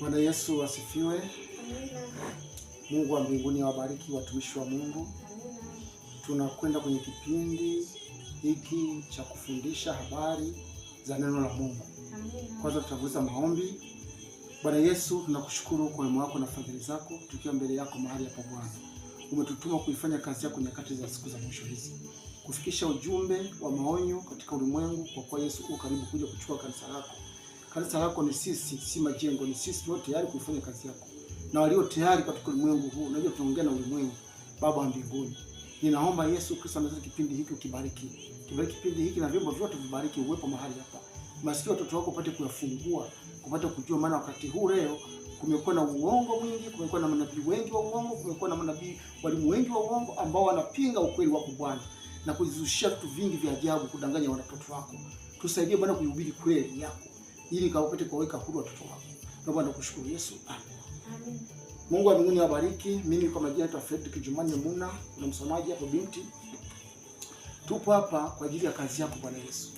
Bwana Yesu asifiwe. Mungu wa mbinguni awabariki watumishi wa Mungu. Tunakwenda kwenye kipindi hiki cha kufundisha habari za neno la Mungu. Kwanza tutavuza maombi. Bwana Yesu, tunakushukuru kwa wema wako na fadhili zako, tukiwa mbele yako mahali hapa Bwana. Umetutuma kuifanya kazi yako nyakati za siku za mwisho hizi, kufikisha ujumbe wa maonyo katika ulimwengu, kwa kuwa Yesu uko karibu kuja kuchukua kanisa lako Kanisa lako ni sisi, si majengo. Ni sisi tulio tayari kufanya kazi yako na walio tayari katika ulimwengu huu. Unajua tunaongea na ulimwengu. Baba wa mbinguni, ninaomba Yesu Kristo amezaa kipindi hiki, ukibariki kibariki kipindi hiki na vyombo vyote vibariki, uwepo mahali hapa, masikio watoto wako upate kuyafungua, kupata kujua, maana wakati huu leo kumekuwa na uongo mwingi, kumekuwa na manabii wengi wa uongo, kumekuwa na manabii walimu wengi wa uongo ambao wanapinga ukweli wako Bwana na kujizushia vitu vingi vya ajabu, kudanganya watoto wako. Tusaidie Bwana kuihubiri kweli yako ili kaupate kuweka huru watoto wako. Naomba nakushukuru Yesu. Amen. Mungu wa mbinguni awabariki. Mimi kwa majina ya Fredrick Jumanne Muna, na msomaji hapo binti. Tupo hapa kwa ajili ya kazi yako Bwana Yesu.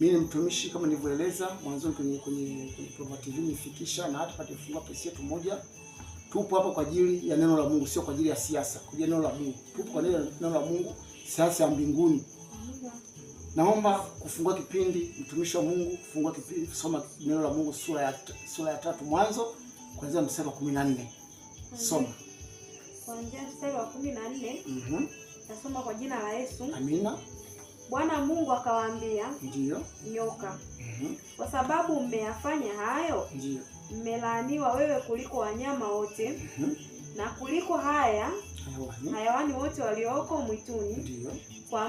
Mimi ni mtumishi kama nilivyoeleza mwanzo kwenye kwenye Provo TV nifikisha na hata pate funga pesa yetu moja. Tupo hapa kwa ajili ya neno la Mungu, sio kwa ajili ya siasa. Kwa ajili ya neno la Mungu. Tupo kwa neno la Mungu, siasa ya mbinguni. Naomba kufungua kipindi mtumishi wa Mungu, kufungua kipindi soma neno la Mungu sura ya sura ya tatu Mwanzo kuanzia mstari wa 14. Soma. Kuanzia mstari wa 14. Mhm. Mm Tasoma kwa jina la Yesu. Amina. Bwana Mungu akawaambia, ndio nyoka, mm -hmm. kwa sababu mmeyafanya hayo, ndio. mmelaaniwa wewe kuliko wanyama wote, mm -hmm. na kuliko haya hayawani wote walioko mwituni, Ndio. kwa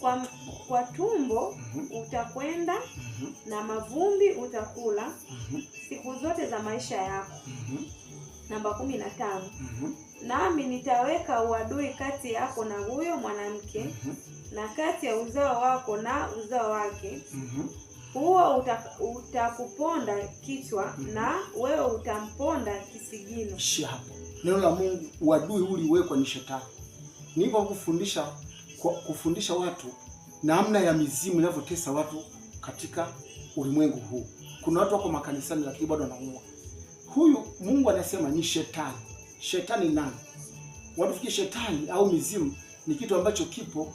kwa, kwa tumbo mm -hmm. utakwenda mm -hmm. na mavumbi utakula mm -hmm. siku zote za maisha yako mm -hmm. namba kumi na tano mm -hmm. nami nitaweka uadui kati yako na huyo mwanamke mm -hmm. na kati ya uzao wako na uzao wake mm -hmm huo utakuponda uta kichwa mm -hmm. na wewe utamponda kisigino. Hapo neno la Mungu, uadui uliwekwa ni shetani. Nilipokufundisha kufundisha watu namna ya mizimu inavyotesa watu katika ulimwengu huu. Kuna watu wako makanisani lakini bado wanaumwa. Huyu Mungu anasema ni shetani. Shetani nani? Watu fikiri shetani au mizimu ni kitu ambacho kipo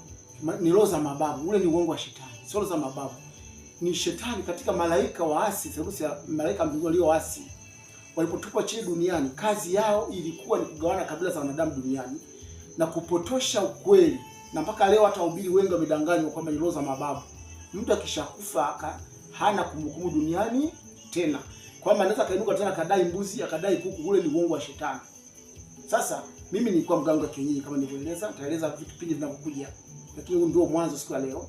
ni roho za mababu. Ule ni uongo wa shetani. Sio roho za mababu. Ni shetani katika malaika waasi, theluthi ya malaika mbinguni walio waasi. Walipotupwa chini duniani, kazi yao ilikuwa ni kugawana kabila za wanadamu duniani na kupotosha ukweli na mpaka leo hata wahubiri wengi wamedanganywa kwamba ni roho za mababu. Mtu akishakufa hana kumbukumbu duniani tena, kwamba anaweza kainuka tena akadai mbuzi akadai kuku. Ule ni uongo wa shetani. Sasa mimi nilikuwa mganga kienyeji kama nilivyoeleza, nitaeleza vitu vingi vinavyokuja, lakini huu ndio mwanzo siku ya leo,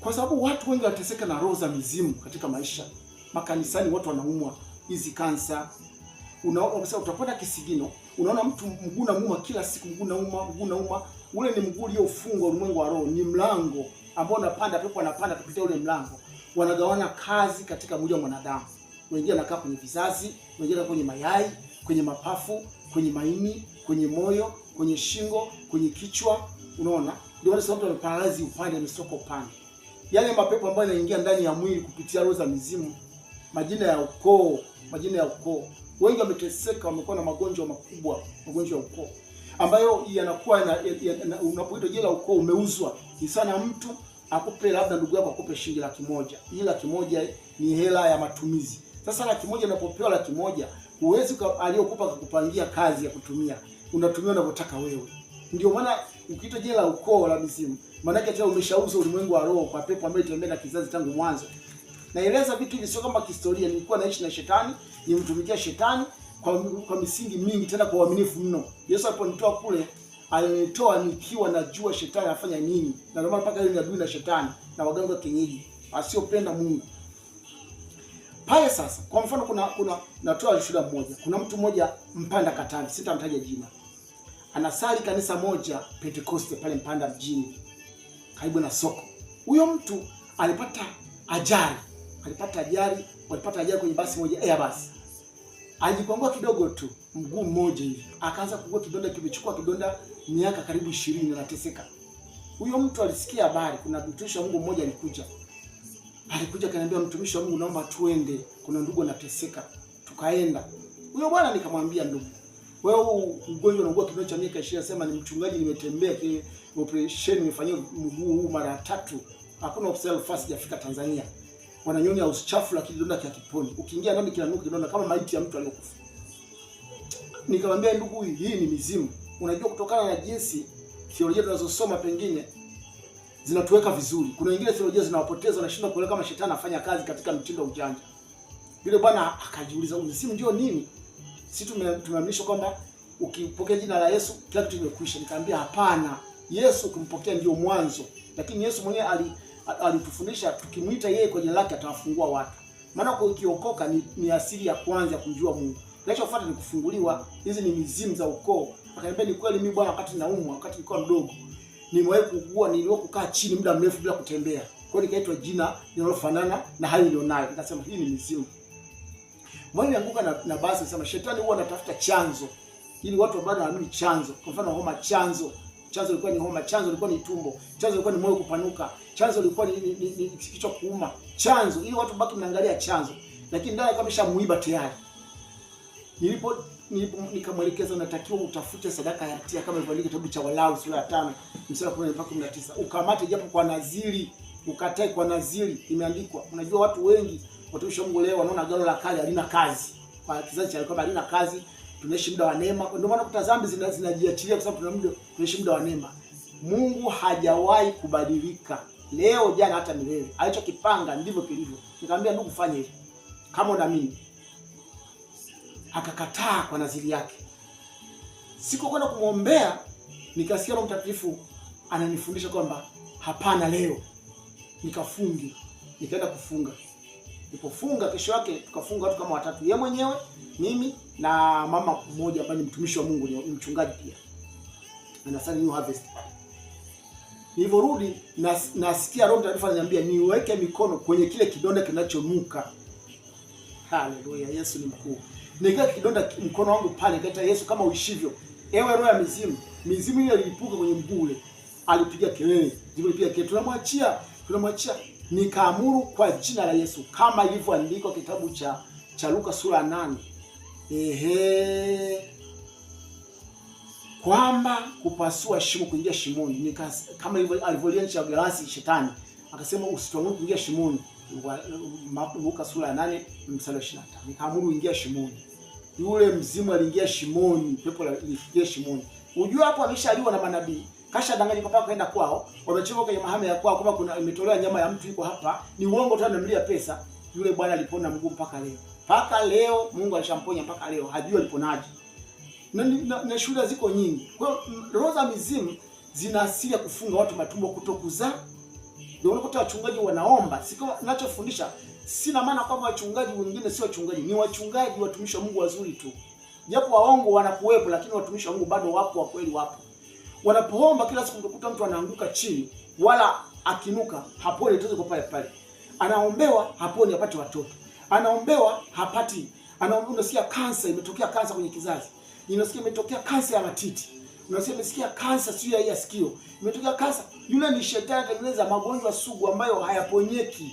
kwa sababu watu wengi wanateseka na roho za mizimu katika maisha. Makanisani watu wanaumwa hizi kansa unaona sasa, utakwenda kisigino, unaona mtu mguu unamuuma kila siku, mguu unauma, mguu unauma. Ule ni mguu uliofungwa, ulimwengu wa roho ni mlango ambao unapanda, pepo anapanda kupitia ule mlango. Wanagawana kazi katika mwili wa mwanadamu, wengine anakaa kwenye vizazi, wengine kwenye mayai, kwenye mapafu, kwenye maini, kwenye moyo, kwenye shingo, kwenye kichwa. Unaona, ndio wale sababu wameparalyze upande, wa wamesoko upande, yale mapepo ambayo yanaingia ndani ya mwili kupitia roho za mizimu, majina ya ukoo, majina ya ukoo wengi wameteseka, wamekuwa na magonjwa makubwa, magonjwa ya ukoo ambayo yanakuwa ya, ya, ya, unapoitwa jela ukoo umeuzwa. Ni sana mtu akupe labda ndugu yako akupe shilingi laki moja. Hii laki moja ni hela ya matumizi. Sasa laki moja unapopewa laki moja huwezi aliyokupa kukupangia kazi ya kutumia, unatumia unavyotaka wewe. Ndio maana ukiitwa jela ukoo la mizimu, maana yake tena umeshauza ulimwengu wa roho kwa pepo ambayo itembea na kizazi tangu mwanzo. Naeleza vitu hivi sio kama kihistoria, nilikuwa naishi na shetani ni mtumikia shetani kwa, kwa misingi mingi tena kwa uaminifu mno. Yesu aliponitoa kule alinitoa nikiwa najua shetani anafanya nini, na ndio maana mpaka leo ninadui na shetani na waganga wa kienyeji asiopenda Mungu pale. Sasa kwa mfano, kuna kuna natoa ushuhuda mmoja. Kuna mtu mmoja Mpanda Katavi, sitamtaja jina, anasali kanisa moja Pentecoste pale Mpanda mjini karibu na soko. Huyo mtu alipata ajali, alipata ajali, walipata ajali kwenye basi moja, Airbus Alijipangua kidogo tu mguu mmoja hivi, akaanza kugua kidonda, kimechukua kidonda miaka karibu ishirini, anateseka huyo mtu. Alisikia habari, kuna mtumishi wa Mungu mmoja alikuja, alikuja akaniambia, mtumishi wa Mungu, naomba tuende, kuna ndugu anateseka. Tukaenda, huyo bwana nikamwambia, ndugu wewe, ugonjwa unaugua kidonda cha miaka ishirini. sema ni mchungaji, nimetembea operation, nimefanyia mguu huu mara tatu, hakuna hospitali fast jafika Tanzania wananyonya uchafu, lakini kidonda cha kiponi, ukiingia ndani kinanuka kidonda kama maiti ya mtu aliyokufa. Nikamwambia ndugu, hii hii ni mizimu. Unajua, kutokana na jinsi theolojia tunazosoma pengine zinatuweka vizuri, kuna wengine theolojia zinawapoteza, unashindwa kuelewa kama shetani anafanya kazi katika mtindo ujanja. Yule bwana akajiuliza, mizimu ndio nini? Si tumeaminishwa kwamba ukipokea jina la Yesu kila kitu kimekwisha. Nikamwambia hapana, Yesu ukimpokea ndio mwanzo, lakini Yesu mwenyewe ali alitufundisha tukimwita yeye kwa jina lake atawafungua watu. Maana kwa ukiokoka ni, ni asili ya kwanza ya kumjua Mungu. Kinachofuata ni kufunguliwa. Hizi ni mizimu za ukoo. Akaniambia ni kweli, mimi bwana, wakati naumwa, wakati nilikuwa mdogo, nimewahi kuugua, niliwahi kukaa chini muda mrefu bila kutembea. Kwa hiyo nikaitwa jina linalofanana na hayo nilionayo. Nikasema hii ni mizimu. Mwalimu anguka na, na basi sema shetani huwa anatafuta chanzo ili watu bado wanaamini chanzo. Kwa mfano homa chanzo chanzo ilikuwa ni homa, chanzo ilikuwa ni tumbo, chanzo ilikuwa ni moyo kupanuka, chanzo ilikuwa ni, ni, ni, ni kichwa kuuma, chanzo ili watu baki mnaangalia chanzo, lakini ndio alikuwa ameshamuiba tayari. Nilipo nikamwelekeza unatakiwa utafute sadaka ya hatia kama ilivyoandika kitabu cha Walawi sura ya 5 mstari wa 10 mpaka 19, ukamate japo kwa nadhiri, ukatae kwa nadhiri, imeandikwa. Unajua watu wengi wa Mungu leo wanaona agano la kale halina kazi, kwa kizazi cha kwamba halina kazi tunaishi muda wa neema. Ndio maana kuta dhambi zinajiachilia kwa sababu tuna muda, tunaishi muda wa neema. Mungu hajawahi kubadilika, leo jana, hata milele. Alichokipanga ndivyo kilivyo. Nikamwambia ndugu, fanye hivi kama una mimi, Akakataa kwa nadhiri yake. Sikukwenda kumwombea, nikasikia Roho Mtakatifu ananifundisha kwamba hapana, leo nikafungi. Nikaenda kufunga, nipofunga kesho yake tukafunga watu kama watatu, yeye mwenyewe, mimi na mama mmoja ambaye ni mtumishi wa Mungu, ni mchungaji pia, anasali New Harvest. Nilivyorudi nas, nasikia Roho Mtakatifu ananiambia niweke mikono kwenye kile kidonda kinachonuka. Haleluya, Yesu ni mkuu. Nikaa kidonda mkono wangu pale, kata Yesu, kama uishivyo, ewe roho ya mizimu. Mizimu ile ilipuka kwenye mguu ule, alipiga kelele, jibu pia kelele, tunamwachia, tunamwachia. Nikaamuru kwa jina la Yesu, kama ilivyoandikwa kitabu cha cha Luka sura nane ehe, kwamba kupasua shimo kuingia shimoni ni kama hivyo alivyolianisha galasi shetani akasema usitwang'ue kuingia shimoni, Luka sura ya 8 mstari wa 25. Nikaamuru ingia shimoni, yule mzimu aliingia shimoni, pepo lilifikia shimoni. Unajua hapo ameshaliwa na manabii kasha danganya papa kaenda kwao, wamechoma kwenye mahame ya kwao kwamba kuna imetolewa nyama ya mtu iko hapa, ni uongo tu, anamlia pesa. Yule bwana alipona mguu mpaka leo mpaka leo Mungu alishamponya mpaka leo, hajui aliponaje, na, na, na shule ziko nyingi. Kwa hiyo roho za mizimu zina asili ya kufunga watu matumbo kutokuzaa. Ndio unakuta wachungaji wanaomba, siko ninachofundisha sina maana kwamba wachungaji wengine sio wachungaji, ni wachungaji watumishi wa Mungu wazuri tu, japo waongo wanakuwepo, lakini watumishi wa Mungu bado wapo, wa kweli wapo. Wanapoomba kila siku, unakuta mtu anaanguka chini, wala akinuka haponi, tuzo kwa pale pale, anaombewa haponi, apate watoto anaombewa hapati. Anaombewa, unasikia kansa, imetokea kansa kwenye kizazi, unasikia imetokea kansa ya matiti, unasikia imesikia kansa sio ya sikio, imetokea kansa. Yule ni shetani anatengeneza magonjwa sugu ambayo hayaponyeki.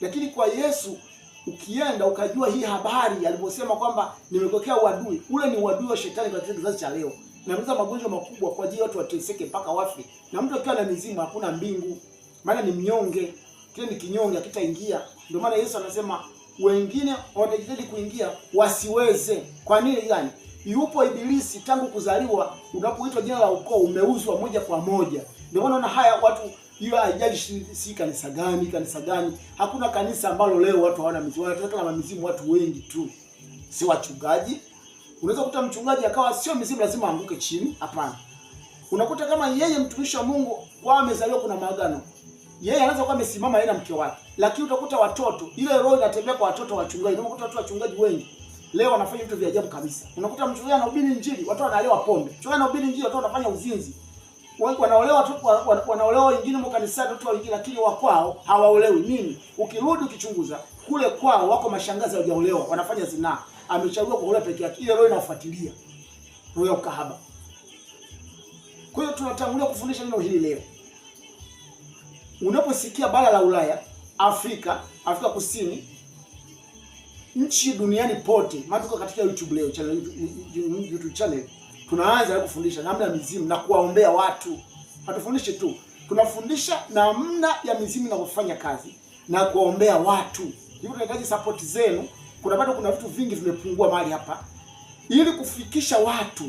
Lakini kwa Yesu ukienda ukajua hii habari aliposema kwamba nimekokea uadui, ule ni uadui wa shetani katika kizazi cha leo, naeza magonjwa makubwa kwa ajili ya watu wateseke mpaka wafe. Na mtu akiwa na mizimu hakuna mbingu, maana ni mnyonge, kile ni kinyonge, akitaingia. Ndio maana Yesu anasema wengine watajitahidi kuingia wasiweze. Kwa nini gani? Yupo Ibilisi tangu kuzaliwa. Unapoitwa jina la ukoo umeuzwa moja kwa moja. Ndio maana unaona haya watu, hiyo haijalishi si kanisa gani, kanisa gani. Hakuna kanisa ambalo leo watu hawana mizimu, wanataka na mizimu watu wengi tu, si wachungaji. Unaweza kukuta mchungaji akawa sio mizimu, lazima anguke chini. Hapana, unakuta kama yeye mtumishi wa Mungu kwa amezaliwa, kuna maagano, yeye anaweza kuwa amesimama yeye na mke wake lakini utakuta watoto, ile roho inatembea kwa watoto wachungaji. Unakuta watu wachungaji wengi leo wanafanya vitu vya ajabu kabisa. Unakuta mchungaji anahubiri Injili, watu wanaelewa pombe. Mchungaji anahubiri Injili, watu wanafanya uzinzi. Wengi wanaolewa watu wanaolewa wengine mwa kanisa, watu wengine lakini wa kwao hawaolewi. Nini? Ukirudi ukichunguza kule kwao wako mashangazi hawajaolewa, wanafanya zinaa. Amechagua kuolewa peke yake. Ile roho inafuatilia. Roho ya ukahaba. Kwa hiyo tunatangulia kufundisha neno hili leo. Unaposikia bara la Ulaya Afrika, Afrika Kusini, nchi duniani pote. matuko katika YouTube leo channel, YouTube channel tunaanza kufundisha namna ya mizimu na kuwaombea watu. Hatufundishi tu, tunafundisha namna ya mizimu na kufanya kazi na kuwaombea watu. Hivyo tunahitaji support zenu. Kuna bado kuna vitu vingi vimepungua mahali hapa ili kufikisha watu.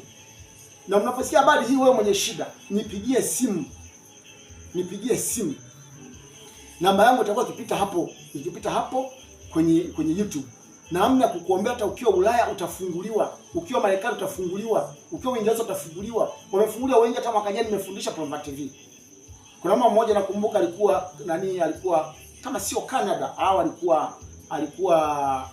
Na mnaposikia habari hii, wewe mwenye shida, nipigie simu, nipigie simu namba yangu itakuwa ikipita hapo, ikipita hapo kwenye kwenye YouTube namna ya kukuombea. Hata ukiwa Ulaya utafunguliwa, ukiwa Marekani utafunguliwa, ukiwa Uingereza utafunguliwa. Wamefunguliwa wengi, hata mwaka jana nimefundisha Proverb TV. Kuna mama mmoja nakumbuka alikuwa nani, alikuwa kama sio Canada au alikuwa alikuwa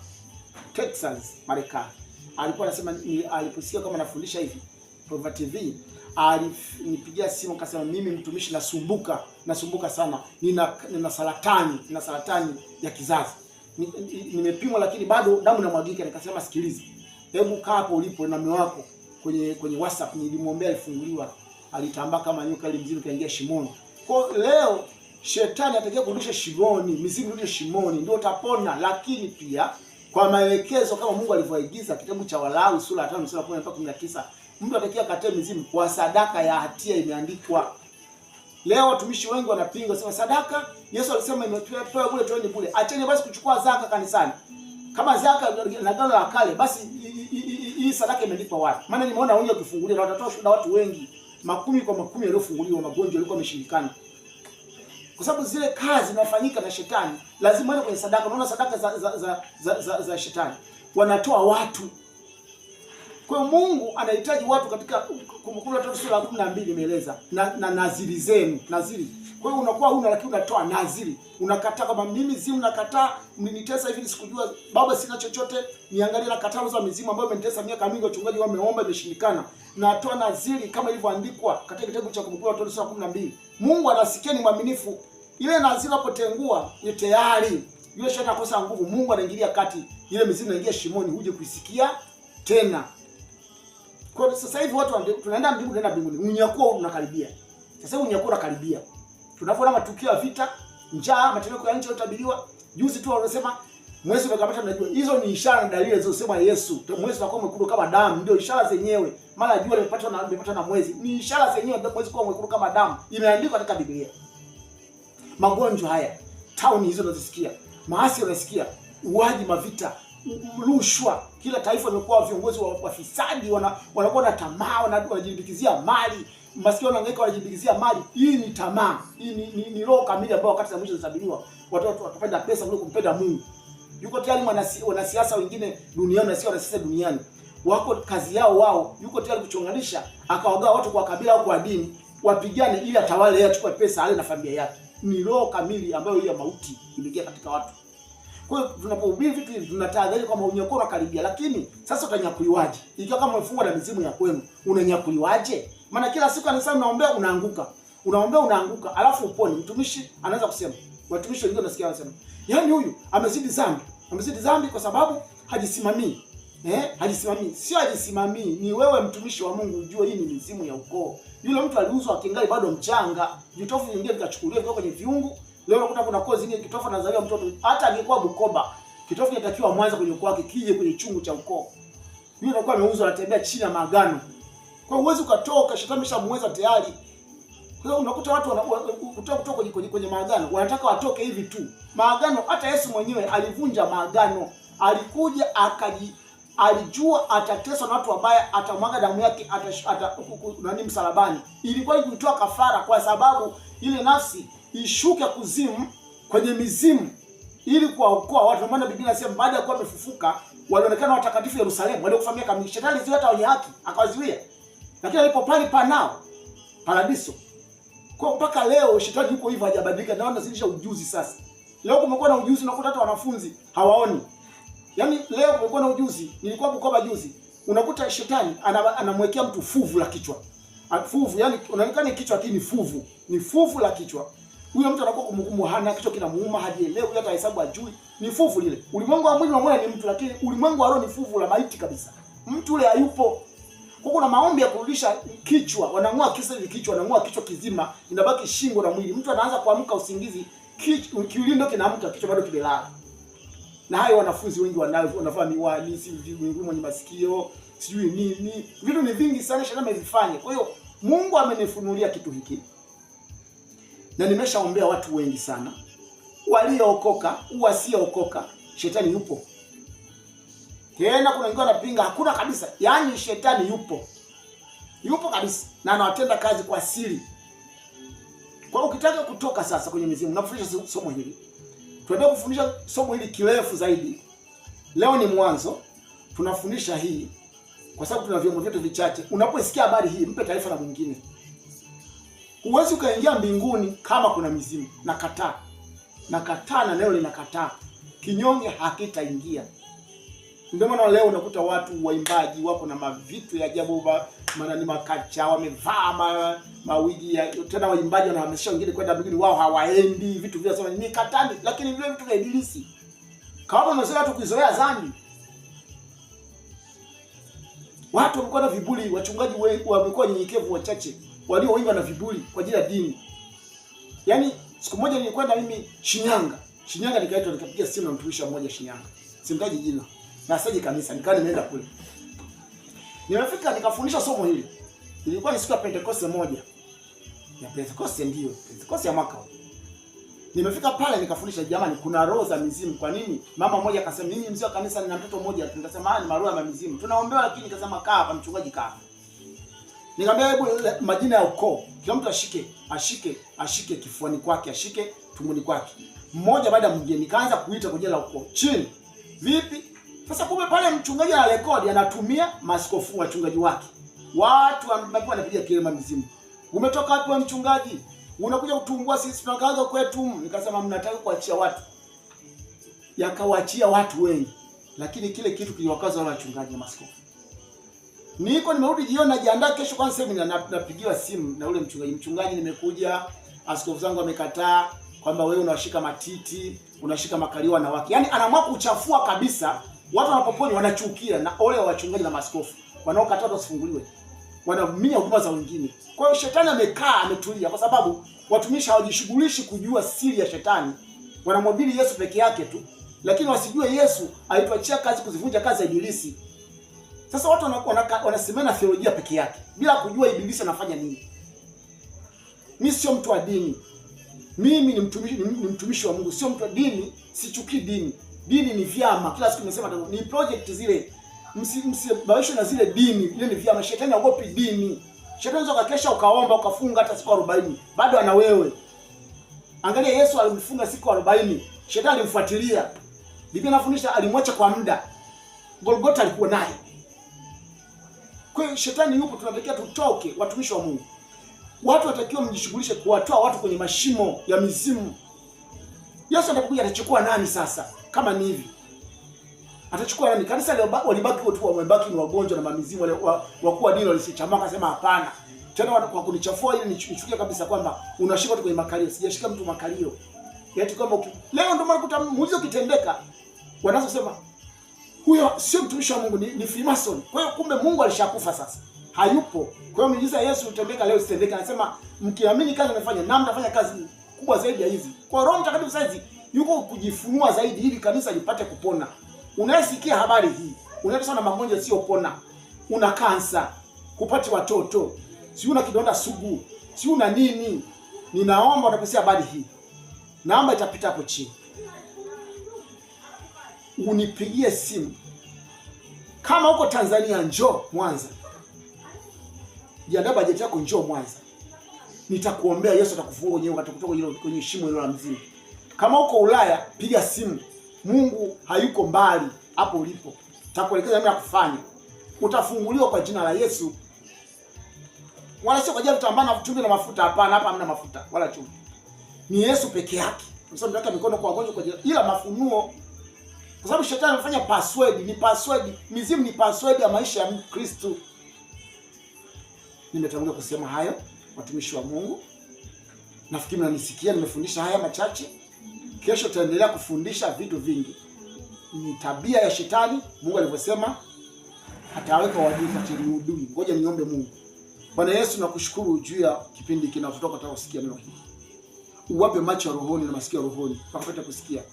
Texas Marekani, alikuwa anasema aliposikia kama nafundisha hivi Proverb TV alinipigia simu akasema, mimi mtumishi, nasumbuka nasumbuka sana, nina nina saratani nina saratani ya kizazi, nimepimwa lakini bado damu namwagika. Nikasema, sikiliza, hebu kaa hapo ulipo na mume wako kwenye kwenye WhatsApp. Nilimwombea, alifunguliwa, alitambaa kama nyoka, ile mzimu kaingia shimoni. Kwa leo shetani atakia kurudisha shimoni, mizimu rudisha shimoni, ndio utapona, lakini pia kwa maelekezo kama Mungu alivyoagiza, kitabu cha Walawi sura ya 5 sura ya 19 mtu atakia katoe mizimu kwa sadaka ya hatia, imeandikwa. Leo watumishi wengi wanapinga sema sadaka, Yesu alisema imetolewa bure, toeni bure. Acheni basi kuchukua zaka kanisani. Kama zaka na gano la kale, basi hii sadaka imelipwa wapi? Maana nimeona wengi wakifungulia na watatoa shuhuda, watu wengi makumi kwa makumi yaliyofunguliwa, magonjwa yalikuwa yameshindikana kwa sababu zile kazi zinafanyika na shetani, lazima ende kwenye sadaka. Unaona sadaka za za za, za, za, za shetani wanatoa watu kwa hiyo Mungu anahitaji watu katika Kumbukumbu la Torati sura ya kumi na mbili imeeleza na, na nadhiri zenu nadhiri. Kwa hiyo unakuwa huna lakini unatoa nadhiri, unakataa kwamba mimi zimu nakataa, mlinitesa hivi sikujua, Baba sina chochote, niangalie na katalo za mizimu ambayo imenitesa miaka mingi, wachungaji wameomba imeshindikana. Natoa nadhiri kama ilivyoandikwa katika kitabu cha Kumbukumbu la Torati sura ya kumi na mbili. Mungu anasikia, ni mwaminifu. Ile nadhiri unapotengua ni tayari yule shetani akosa nguvu, Mungu anaingilia kati, ile mizimu inaingia shimoni, huje kuisikia tena. Kwa sasa hivi watu wande, tunaenda mbingu tunaenda mbinguni. Unyakuo unakaribia. Sasa hivi unyakuo unakaribia. Tunapoona matukio ya vita, njaa, matetemeko ya nchi yanayotabiriwa, juzi tu wanasema mwezi umekamata mnajua. Hizo ni ishara na dalili zilizosema Yesu. Mwezi unakuwa mwekundu kama damu, ndio ishara zenyewe. Mara jua limepata na limepata na mwezi. Ni ishara zenyewe ndio mwezi kuwa mwekundu kama damu. Imeandikwa katika Biblia. Magonjwa haya, tauni hizo unazisikia, maasi unasikia, Uaji, mavita, rushwa. Kila taifa limekuwa viongozi wa wafisadi, wanakuwa na tamaa, wanajilimbikizia mali, maskini wanahangaika, wanajilimbikizia mali. Hii ni tamaa, hii ni, ni, ni roho kamili ambayo wakati za mwisho zitabiliwa. Watoto watapenda pesa kuliko kumpenda Mungu. Yuko tayari wanasiasa wengine duniani na sio wanasiasa duniani wako kazi yao wao, yuko tayari kuchonganisha, akawagawa watu kwa kabila au kwa dini, wapigane ili atawale, yeye achukue pesa ale na familia yake. Ni roho kamili ambayo hii ya mauti imeingia katika watu. Kwa hiyo tunapohubiri vitu hivi tunatahadhari kwamba unyakua unakaribia, lakini sasa utanyakuliwaje? Ikiwa kama umefungwa na mizimu ya kwenu, unanyakuliwaje? Maana kila siku anasema unaombea unaanguka. Unaombea unaanguka, alafu upone. Mtumishi anaweza kusema, watumishi wengine nasikia wanasema, "Yaani huyu amezidi dhambi. Amezidi dhambi kwa sababu hajisimamii." Eh, hajisimamii. Sio hajisimamii, ni wewe mtumishi wa Mungu ujue hii ni mizimu ya ukoo. Yule mtu aliuzwa akingali bado mchanga, vitofu vingine vikachukuliwa kutoka kwenye viungu Leo unakuta kuna kozi zingine kitofu anazaliwa mtoto hata angekuwa Bukoba, kitofu kinatakiwa Mwanza kwenye kwake kije kwenye chungu cha ukoo. Mimi anakuwa ameuzwa anatembea chini ya maagano. Kwa uwezo ukatoka shetani ameshamweza tayari. Kwa hiyo unakuta watu wanakuwa kutoka kwenye kwenye kwenye maagano, wanataka watoke hivi tu. Maagano hata Yesu mwenyewe alivunja maagano. Alikuja akaji alijua atateswa na watu wabaya, atamwaga damu yake ata, ata, nani msalabani. Ilikuwa ni kutoa kafara kwa sababu ile nafsi ishuke kuzimu kwenye mizimu ili kuwaokoa watu. Maana Biblia inasema baada ya kuwa amefufuka walionekana watakatifu Yerusalemu, waliokufa miaka mingi. Shetani zile hata wenye haki akawazuia, lakini alipo pale pa nao paradiso. Kwa mpaka leo shetani yuko hivyo, hajabadilika. Naona zinjisha ujuzi sasa. Leo kumekuwa na ujuzi, unakuta hata wanafunzi hawaoni. Yaani leo kumekuwa na ujuzi. Nilikuwa Bukoba juzi, unakuta shetani anamwekea mtu fuvu la kichwa. Fuvu, yani unaonekana kichwa lakini fuvu. Ni fuvu la kichwa. Huyo mtu anakuwa kumhukumu, hana kichwa kinamuuma, hajielewi hata hesabu ajui. Ni fuvu lile. Ulimwengu wa mwili wa mwana ni mtu, lakini ulimwengu wa roho ni fuvu la maiti kabisa. Mtu yule hayupo. Kwa kuna maombi ya kurudisha kichwa, wanang'oa kisa hili kichwa, wanang'oa kichwa kizima, inabaki shingo na mwili. Mtu anaanza kuamka usingizi, kichwa ndio kinaamka, kichwa bado kimelala. Na hayo wanafunzi wengi wanayo, wanafanya miwani, si miguu mwenye masikio, sijui nini. Vitu ni vingi sana shetani amevifanya. Kwa hiyo Mungu amenifunulia kitu hiki na nimeshaombea watu wengi sana waliookoka, wasiookoka, shetani yupo tena. Kuna wengine wanapinga, hakuna kabisa. Yaani shetani yupo, yupo kabisa, na anawatenda kazi kwa siri. Kwa hiyo ukitaka kutoka sasa kwenye mizimu, nafundisha somo hili, tuendelee kufundisha somo hili kirefu zaidi. Leo ni mwanzo, tunafundisha hii kwa sababu tuna vyombo vyetu vichache. Unaposikia habari hii, mpe taarifa na mwingine. Huwezi ukaingia mbinguni kama kuna mizimu. Nakataa, nakataa na leo linakataa. Kinyonge hakitaingia. Ndio maana leo unakuta watu waimbaji wako na mavitu ya ajabu, ni makacha, wamevaa ma, mawigi ya tena, waimbaji wanahamasisha wengine kwenda mbinguni, wao hawaendi. Vitu vya sema ni katani, lakini vile vitu vya Ibilisi, kama umezoea tu kuizoea dhambi. Watu wamekuwa na vibuli, wachungaji wamekuwa nyenyekevu wachache walioiva na vibuli kwa ajili ya dini. Yaani siku moja nilikwenda mimi Shinyanga. Shinyanga nikaitwa nikapiga simu na mtumishi mmoja Shinyanga. Simtaji jina. Na saje kanisa nikaa nimeenda kule. Nimefika nikafundisha somo hili. Ilikuwa ni siku ya Pentecoste moja. Ya Pentecoste ndio. Pentecoste ya mwaka. Nimefika pale nikafundisha, jamani, kuna roho za mizimu. Kwa nini? Mama mmoja akasema, mimi mzee wa kanisa nina mtoto mmoja, tunasema ah, ni maroho ya mizimu. Tunaombewa, lakini nikasema kaa hapa mchungaji, kaa. Nikamwambia hebu majina ya ukoo kila mtu ashike ashike ashike kifuani kwake ashike tumuni kwake, mmoja baada ya mwingine. Nikaanza kuita kwa jina la ukoo chini, vipi sasa. Kumbe pale mchungaji ana rekodi, anatumia maskofu wachungaji wake, watu wamekuwa wanapiga kelema mzimu. Umetoka wapi wa mchungaji, unakuja kutungua sisi, tunakaza kwetu. Nikasema mnataka kuachia watu, yakawaachia watu wengi, lakini kile kitu kiliwakaza wale wachungaji na maskofu niko nimerudi jioni, najiandaa kesho, kwanza sehemu napigiwa simu na ule mchungaji, mchungaji, nimekuja, askofu zangu amekataa kwamba wewe unashika matiti, unashika makalio wanawake. Yaani anaamua kuchafua kabisa. Watu wanapoponi wanachukia na ole wa wachungaji na maskofu wanaokataa wasifunguliwe. Wanaminya huduma za wengine. Kwa hiyo shetani amekaa ametulia kwa sababu watumishi hawajishughulishi kujua siri ya shetani. Wanamwabili Yesu peke yake tu, lakini wasijue Yesu alituachia kazi kuzivunja kazi ya Ibilisi. Sasa watu wanakuwa wanasemana theolojia peke yake bila kujua ibilisi anafanya nini. Mi sio mtu wa dini, mimi ni mtumishi, ni mtumishi wa Mungu, sio mtu wa dini. Sichukii dini. Dini ni vyama, kila siku nimesema ni project zile, msibaishwe na zile dini. Ile ni vyama. Shetani haogopi dini. Shetani unaweza ukakesha ukaomba ukafunga hata siku 40 bado ana wewe. Angalia Yesu alimfunga siku 40, shetani alimfuatilia. Biblia inafundisha alimwacha kwa muda. Golgotha alikuwa naye. Kwa hiyo shetani yupo, tunatakiwa tutoke, watumishi wa Mungu. Watu watakiwa mjishughulishe kuwatoa watu kwenye mashimo ya mizimu. Yesu atakuja atachukua nani sasa? Kama ni hivi atachukua nani? Kanisa walibaki tu wamebaki ni wagonjwa na mamizimu. Wale wakuu wa dini walisichamaka akasema hapana tena, watu kwa kunichafua ili nichukie kabisa kwamba unashika tu kwenye makalio. Sijashika mtu makalio, yaani kwamba leo ndio mara maana kutamuulizo kitendeka, wanasema huyo sio mtumishi wa Mungu, ni, ni Freemason. Kwa hiyo kumbe Mungu alishakufa sasa, hayupo. Kwa hiyo miujiza Yesu utendeka leo sitendeka, anasema mkiamini kazi anafanya na mtafanya kazi kubwa zaidi ya hizi. Kwa Roho Mtakatifu saizi yuko kujifunua zaidi ili kanisa lipate kupona. Unayesikia habari hii, unateswa na magonjwa sio yasiyopona, una kansa, kupati watoto, si una kidonda sugu, si una nini, ninaomba utakusikia habari hii, naomba itapita hapo chini unipigie simu. Kama uko Tanzania, njoo Mwanza, jiandaa bajeti yako, njoo Mwanza, nitakuombea. Yesu atakufungua wenyewe atakutoka hilo kwenye shimo hilo la mzimu. Kama uko Ulaya, piga simu. Mungu hayuko mbali hapo ulipo, takuelekeza namna ya kufanya. Utafunguliwa kwa jina la Yesu, wala sio kwa ajili tutambana chumvi na mafuta. Hapana, hapa hamna mafuta wala chumvi, ni Yesu peke yake. Msao mtaka mikono kwa wagonjwa kwa jina ila mafunuo kwa sababu shetani amefanya password, ni password, mizimu ni password ya maisha ya Mkristo. Nimetangulia kusema hayo, watumishi wa Mungu, nafikiri mnanisikia. Nimefundisha haya machache, kesho tutaendelea kufundisha vitu vingi. Ni tabia ya shetani, Mungu alivyosema ataweka wadui ya udui. Ngoja niombe Mungu. Bwana Yesu, nakushukuru juu ya kipindi kinachotoka, tutakaosikia neno hili, uwape macho ya rohoni na masikio ya rohoni pakapata kusikia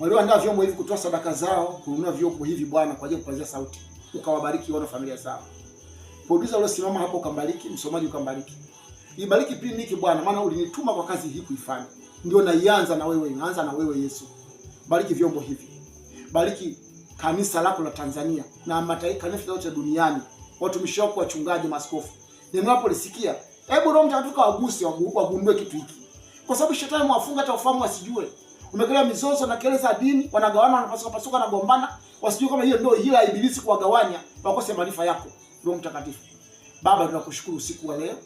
walioandaa vyombo hivi kutoa sadaka zao kununua vyombo hivi Bwana kwa ajili ya kupazia sauti, ukawabariki wao na familia zao. Producer uliosimama hapo ukambariki, msomaji ukambariki. Ibariki niki Bwana, maana ulinituma kwa kazi hii kuifanya. Ndio naianza na wewe, naanza na wewe Yesu. Bariki vyombo hivi. Bariki kanisa lako la Tanzania na mataifa yote duniani. Watumishi wako, wachungaji, hapo lisikia. hebu Roho Mtakatifu waguse, wagundue kitu hiki. Kwa sababu shetani mwafunga hata ufahamu asijue umekelea mizozo na kelele za dini, wanagawana, wanapasuka pasuka na gombana, kama hiyo ndio hila ya ibilisi kuwagawanya wakose maarifa yako. Roho Mtakatifu, Baba, tunakushukuru usiku wa leo,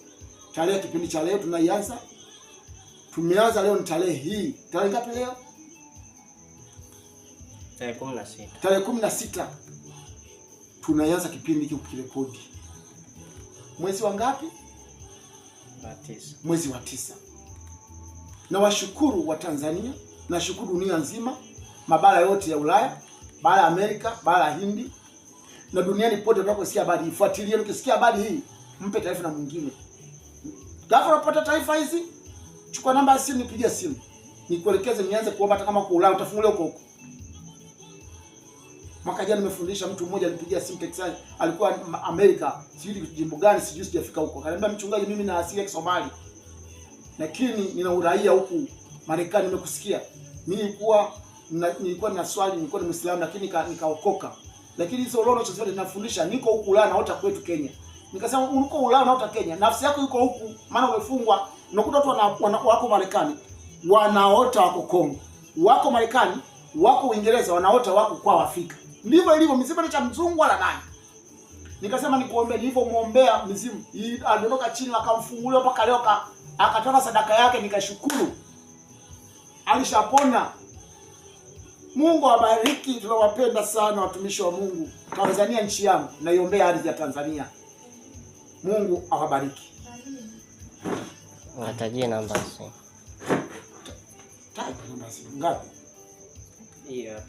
tarehe kipindi cha leo tunaianza, tumeanza leo ni tarehe hii, tarehe ngapi leo? Tarehe 16, tarehe 16 tunaianza kipindi hiki kukirekodi. Mwezi wa ngapi? Mwezi wa tisa. Na washukuru wa Tanzania nashukuru dunia nzima, mabara yote ya Ulaya, bara Amerika, bara Hindi na duniani pote utakosikia habari hii. Fuatilie, ukisikia habari hii mpe taarifa na mwingine. Ghafla unapata taarifa hizi, chukua namba ya simu, nipigia simu, nikuelekeze, nianze kuomba. Hata kama kwa Ulaya utafungulia huko huko. Mwaka jana nimefundisha mtu mmoja, alipigia simu Texas, alikuwa Amerika, sijui jimbo gani, sijui sijafika huko, akaniambia mchungaji, mimi na asili ya Kisomali lakini nina uraia huku Marekani, nimekusikia. Mimi nilikuwa nilikuwa na swali, nilikuwa ni Muislamu lakini nikaokoka. Lakini hizo roho zote zinafundisha, niko huku Ulaya naota kwetu Kenya. Nikasema uko Ulaya naota Kenya, nafsi yako iko huku, maana umefungwa. Unakuta watu wana, wako Marekani wanaota wako Kongo, wako Marekani, wako Uingereza, wanaota wako kwa Afrika. Ndivyo ilivyo mizimu cha mzungu wala nani. Nikasema nikuombe, nikuombee, muombea mizimu aliondoka chini, akamfungulia mpaka leo akatoka sadaka yake, nikashukuru alishapona. Mungu awabariki, tunawapenda sana watumishi wa Mungu. Tanzania nchi yangu, naiombea ardhi ya Tanzania. Mungu awabariki. Atajie namba simu. namba ngapi? Hiyo.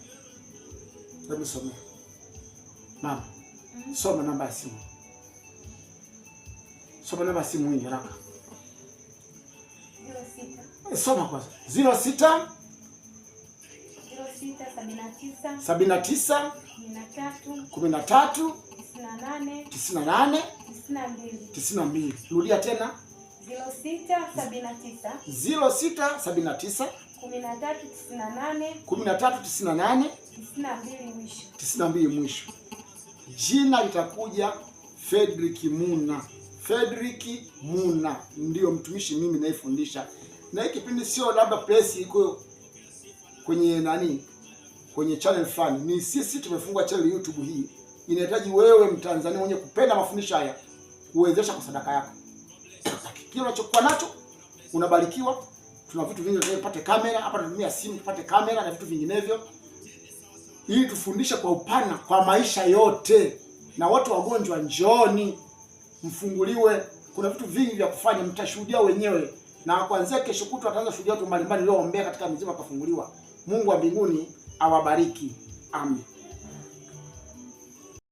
Hebu soma. Mama, soma namba ya simu. Soma namba ya simu hii haraka soma kwanza 06 sabini na tisa kumi na tatu tisini na nane tisini na mbili Rudia tena ziro sita sabini na tisa kumi na tatu tisini na nane tisini na mbili Mwisho jina litakuja Fredrick Muna. Fredrick Muna ndiyo mtumishi mimi nayefundisha na hii kipindi sio labda press iko kwenye nani, kwenye channel fulani, ni sisi tumefungua channel YouTube. Hii inahitaji wewe Mtanzania mwenye kupenda mafundisho haya kuwezesha kwa sadaka yako. Kile unachokuwa nacho unabarikiwa. Tuna vitu vingi, tupate kamera hapa, tunatumia simu tupate kamera na vitu vinginevyo, ili tufundishe kwa upana kwa maisha yote. Na watu wagonjwa, njooni mfunguliwe, kuna vitu vingi vya kufanya, mtashuhudia wenyewe na kuanzia kesho kutu ataanza shuhudia watu mbalimbali leo ombea katika mzima akafunguliwa. Mungu wa mbinguni awabariki. Amen.